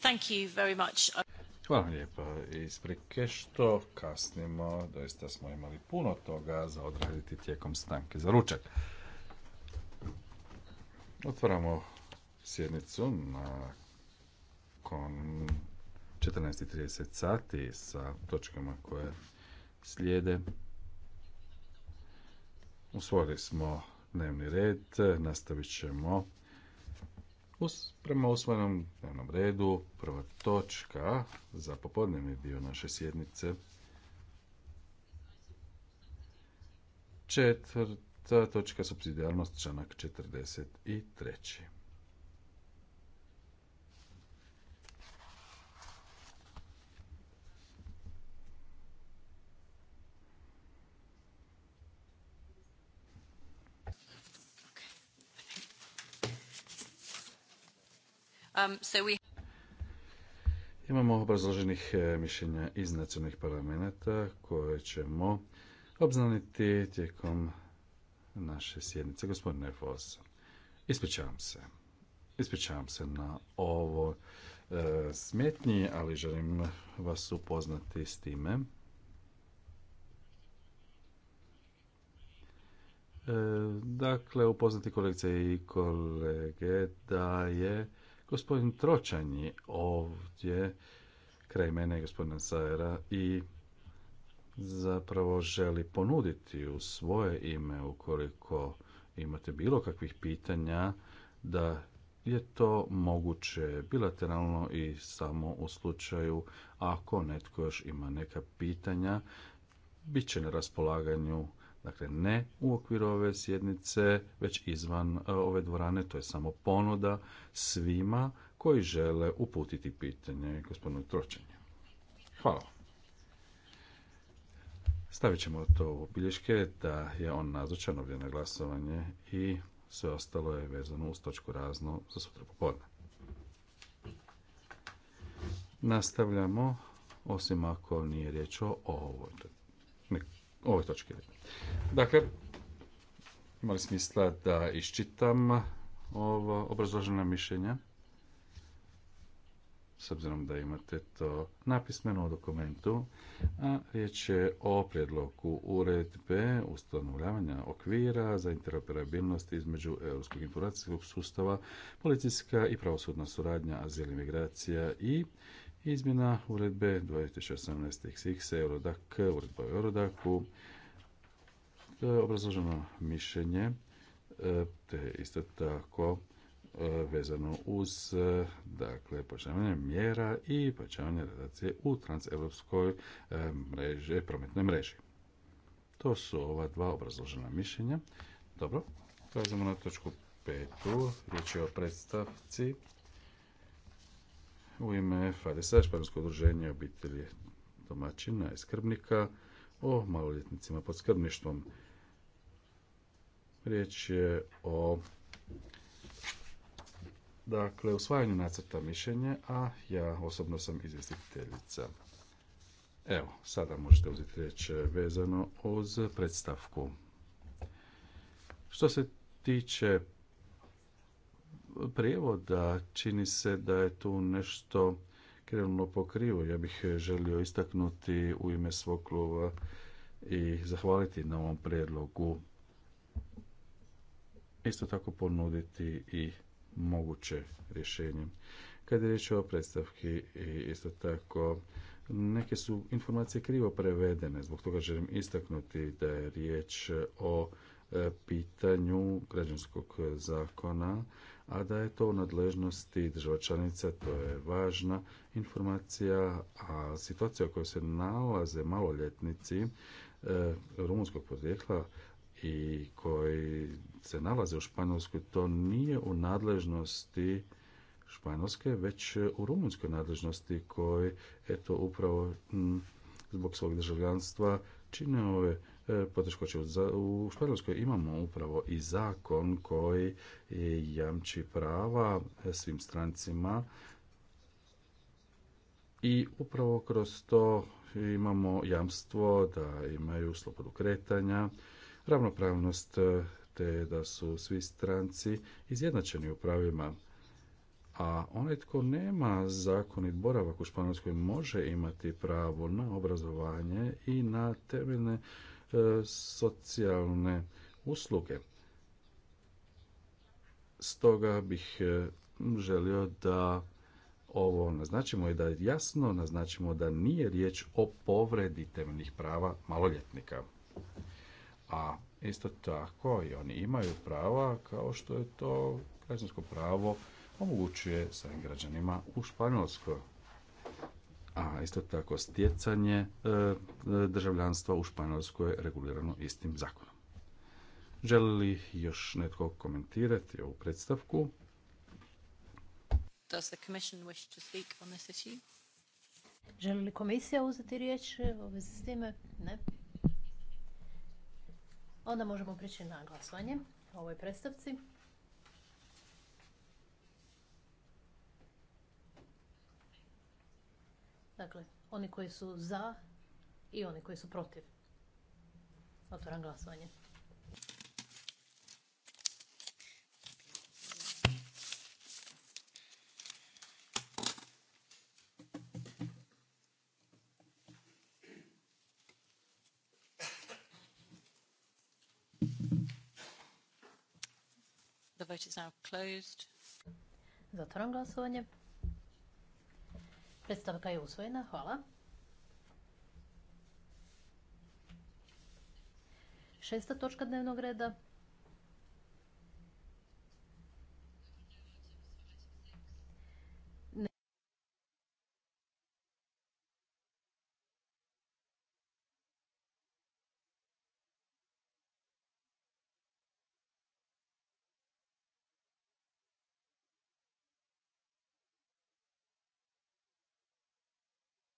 Thank you very Hvala lijepa. što kasnimo, doista smo imali puno toga za odraditi tijekom stanke za ručak. Otvaramo sjednicu kon 14.30 sati sa točkama koje slijede. Usvojili smo dnevni red, nastavit ćemo prema usvojenom dnevnom redu, prva točka za popodnevni dio naše sjednice. Četvrta točka subsidijarnost, članak 43. Um, Imamo obrazloženih e, mišljenja iz nacionalnih parlamenta koje ćemo obznaniti tijekom naše sjednice. Gospodine Vos, ispričavam se. Ispričavam se na ovo e, smetnji, ali želim vas upoznati s time. E, dakle, upoznati kolegice i kolege da je Gospodin Tročan ovdje kraj mene i gospodina Sajera i zapravo želi ponuditi u svoje ime ukoliko imate bilo kakvih pitanja da je to moguće bilateralno i samo u slučaju ako netko još ima neka pitanja bit će na raspolaganju Dakle, ne u okviru ove sjednice, već izvan e, ove dvorane. To je samo ponuda svima koji žele uputiti pitanje gospodinu Tročanju. Hvala. Stavit ćemo to u bilješke da je on nazočan ovdje na glasovanje i sve ostalo je vezano uz točku razno za sutra popodne. Nastavljamo, osim ako nije riječ o ovoj ovoj točki. Dakle, imali smisla da iščitam ovo obrazložena mišljenja s obzirom da imate to napismeno u dokumentu, a riječ je o prijedlogu uredbe ustanovljavanja okvira za interoperabilnost između Europskog informacijskog sustava, policijska i pravosudna suradnja, azil i migracija i Izmjena uredbe 2018-XX Eurodak, uredba o Eurodaku, obrazloženo mišljenje, te isto tako e, vezano uz e, dakle, mjera i pojačavanje redacije u transeuropskoj e, mreži, prometnoj mreži. To su ova dva obrazložena mišljenja. Dobro, prelazimo na točku petu, riječ je o predstavci u ime FADESA, Španjolsko udruženje obitelji domaćina i skrbnika o maloljetnicima pod skrbništvom. Riječ je o dakle, usvajanju nacrta mišljenja, a ja osobno sam izvjestiteljica. Evo, sada možete uzeti riječ vezano uz predstavku. Što se tiče prijevoda čini se da je tu nešto krenulo po krivo. Ja bih želio istaknuti u ime svog kluba i zahvaliti na ovom prijedlogu. Isto tako ponuditi i moguće rješenje. Kad je riječ o predstavki, isto tako neke su informacije krivo prevedene, zbog toga želim istaknuti da je riječ o pitanju građanskog zakona, a da je to u nadležnosti država članica, to je važna informacija, a situacija u kojoj se nalaze maloljetnici e, rumunskog podvijekla i koji se nalaze u Španjolskoj, to nije u nadležnosti Španjolske, već u rumunskoj nadležnosti koji, eto, upravo zbog svog državljanstva čine ove E, poteškoće. U Španjolskoj imamo upravo i zakon koji jamči prava svim strancima i upravo kroz to imamo jamstvo da imaju slobodu kretanja, ravnopravnost te da su svi stranci izjednačeni u pravima a onaj tko nema zakonit boravak u Španjolskoj može imati pravo na obrazovanje i na temeljne E, socijalne usluge. Stoga bih e, želio da ovo naznačimo i da jasno naznačimo da nije riječ o povredi temeljnih prava maloljetnika. A isto tako i oni imaju prava kao što je to građansko pravo omogućuje svojim građanima u Španjolskoj a isto tako stjecanje e, državljanstva u Španjolskoj je regulirano istim zakonom. Želi li još netko komentirati ovu predstavku? Does to Želi li komisija uzeti riječ e, u vezi s time? Ne. Onda možemo prići na glasovanje o ovoj predstavci. Dakle, oni koji su za i oni koji su protiv. Otvaram glasovanje. The glasovanje. Predstavka je usvojena. Hvala. Šesta točka dnevnog reda.